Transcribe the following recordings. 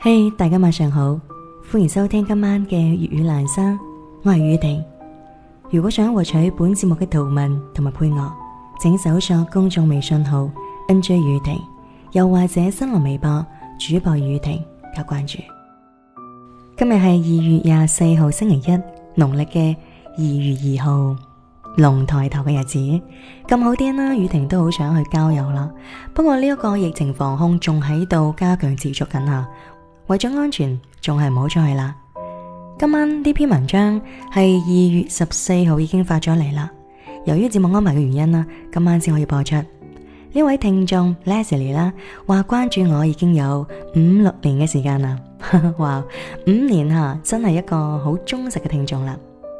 嘿，hey, 大家晚上好，歡迎收聽今晚嘅粵語欄山，我係雨婷。如果想獲取本節目嘅圖文同埋配樂，請搜索公眾微信號 nj 雨婷，又或者新浪微博主播雨婷加關注。今日係二月廿四號星期一，農曆嘅二月二號龍抬頭嘅日子，咁好啲啦，啊。雨婷都好想去郊遊啦，不過呢一個疫情防控仲喺度加強持續緊下。為咗安全，仲係唔好出去啦。今晚呢篇文章係二月十四號已經發咗嚟啦。由於節目安排嘅原因啦，今晚先可以播出。呢位聽眾 Leslie 啦，話關注我已經有五六年嘅時間啦，哇， 五年吓，真係一個好忠實嘅聽眾啦。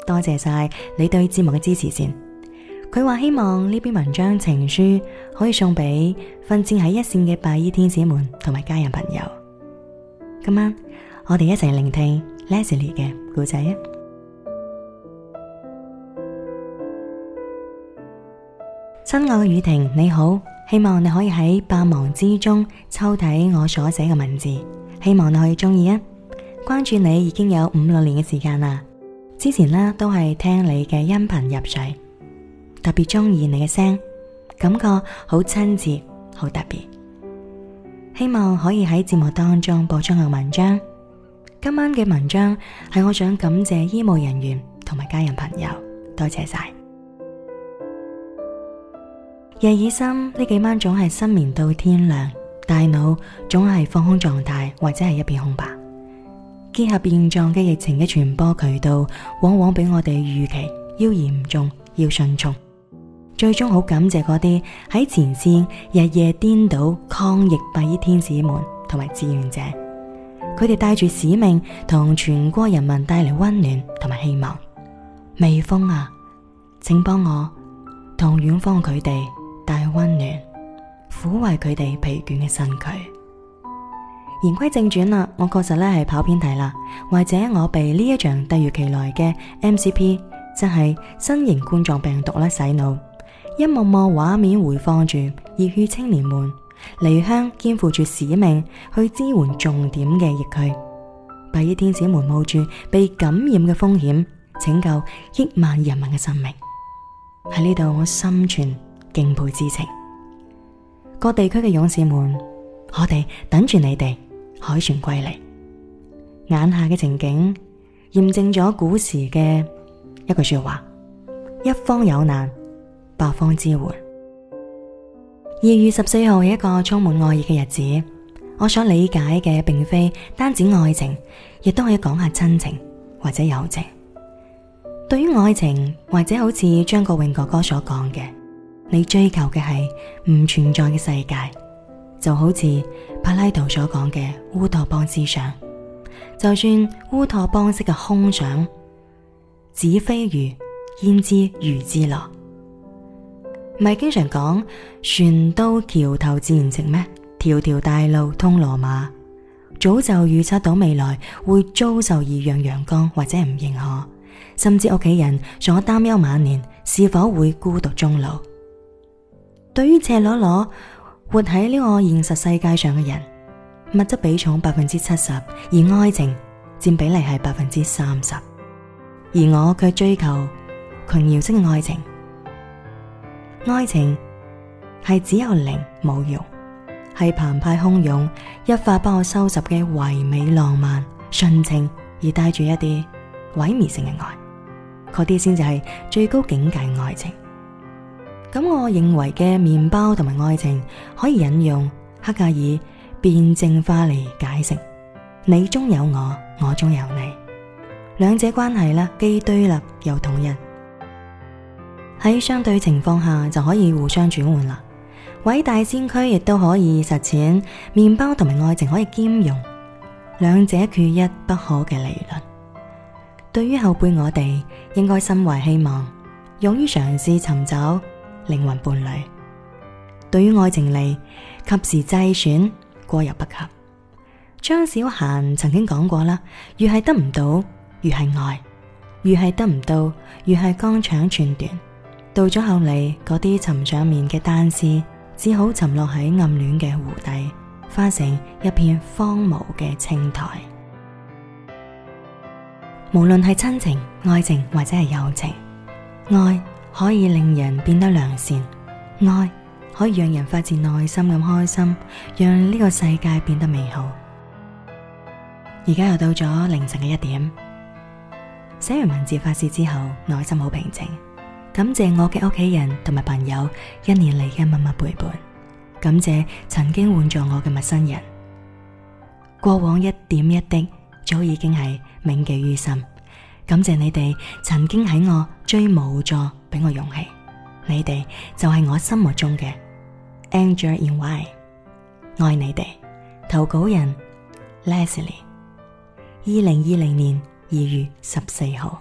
多謝晒你對節目嘅支持先。佢話希望呢篇文章情書可以送俾奮戰喺一線嘅白衣天使們同埋家人朋友。今晚我哋一齊聆聽 Leslie 嘅故仔啊！親愛嘅宇婷你好，希望你可以喺百忙之中抽睇我所寫嘅文字，希望你可以中意啊！關注你已經有五六年嘅時間啦，之前呢，都係聽你嘅音頻入睡，特別中意你嘅聲，感覺好親切，好特別。希望可以喺節目當中播出嚟文章。今晚嘅文章係我想感謝醫務人員同埋家人朋友，多謝晒。 夜已深，呢幾晚總係失眠到天亮，大腦總係放空狀態或者係一片空白。結合現狀嘅疫情嘅傳播渠道，往往比我哋預期要嚴重，要迅速。最終好感謝嗰啲喺前線日夜顛倒抗疫白衣天使們同埋志願者，佢哋帶住使命同全國人民帶嚟溫暖同埋希望。微風啊，請幫我同遠方佢哋帶溫暖，撫慰佢哋疲倦嘅身軀。言歸正傳啦，我確實咧係跑偏題啦，或者我被呢一場突如其來嘅 NCP 即係新型冠狀病毒咧洗腦。一幕幕畫面回放住熱血青年們離鄉肩負住使命去支援重點嘅疫區，白衣天使們冒住被感染嘅風險，拯救億萬人民嘅生命。喺呢度我心存敬佩之情。各地區嘅勇士們，我哋等住你哋凱旋歸嚟，眼下嘅情景驗證咗古時嘅一句說話：一方有難。八方支援。二月十四號係一個充滿愛意嘅日子，我所理解嘅並非單止愛情，亦都可以講下親情或者友情。對於愛情，或者好似張國榮哥哥所講嘅，你追求嘅係唔存在嘅世界，就好似柏拉圖所講嘅烏托邦思想，就算烏托邦式嘅空想，子非魚焉知魚之樂。咪經常講船到橋頭自然直咩？條條大路通羅馬，早就預測到未來會遭受異樣眼光或者唔認可，甚至屋企人仲有擔憂晚年是否會孤獨終老。對於赤裸裸活喺呢個現實世界上嘅人，物質比重百分之七十，而愛情佔比例係百分之三十，而我卻追求瓊瑤式嘅愛情。愛情係只有靈冇用，係澎湃洶湧，一發不可收拾嘅唯美浪漫、純情而帶住一啲毀滅性嘅愛，嗰啲先至係最高境界愛情。咁我認為嘅麵包同埋愛情可以引用黑格爾辯證法嚟解釋，你中有我，我中有你，兩者關係啦，既對立又統一。喺相對情況下就可以互相轉換啦。偉大先驅亦都可以實踐麵包同埋愛情可以兼容，兩者缺一不可嘅理論。對於後輩我哋，應該心懷希望，勇於嘗試尋找靈魂伴侶。對於愛情嚟，及時止損，過猶不及。張小嫻曾經講過啦，越係得唔到越係愛，越係得唔到越係肝腸寸斷。到咗後嚟，嗰啲沉上面嘅單思，只好沉落喺暗戀嘅湖底，化成一片荒蕪嘅青苔。無論係親情、愛情或者係友情，愛可以令人變得良善，愛可以讓人發自內心咁開心，讓呢個世界變得美好。而家又到咗凌晨嘅一點，寫完文字發洩之後，內心好平靜。感謝我嘅屋企人同埋朋友一年嚟嘅默默陪伴，感謝曾經援助我嘅陌生人，過往一點一滴，早已經係銘記於心。感謝你哋曾經喺我最無助俾我勇氣，你哋就係我心目中嘅 Angel in White，愛你哋。投稿人 Leslie，二零二零年二月十四號。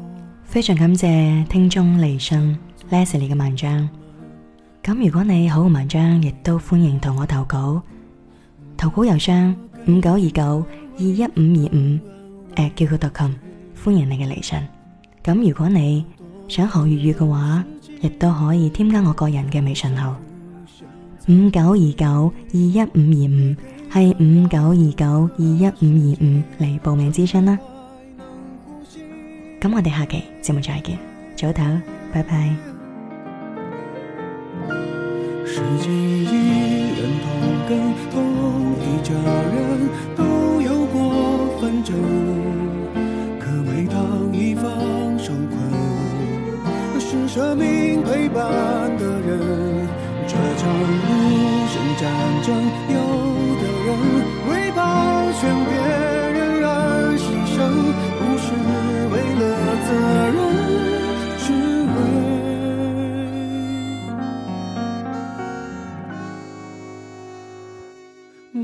非常感謝聽眾嚟信 Leslie 嘅文章。咁如果你好嘅文章，亦都歡迎同我投稿。投稿郵箱五九二九二一五二五，誒叫佢讀琴，歡迎你嘅嚟信。咁如果你想學粵語嘅話，亦都可以添加我個人嘅微信號五九二九二一五二五，係五九二九二一五二五嚟報名諮詢啦。咁我哋下期節目再見，早唞，拜拜。